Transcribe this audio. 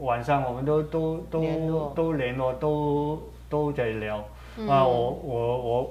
晚上我們都都都、Yeah. 都聯絡，都都在聊。啊、Mm-hmm.，我我我。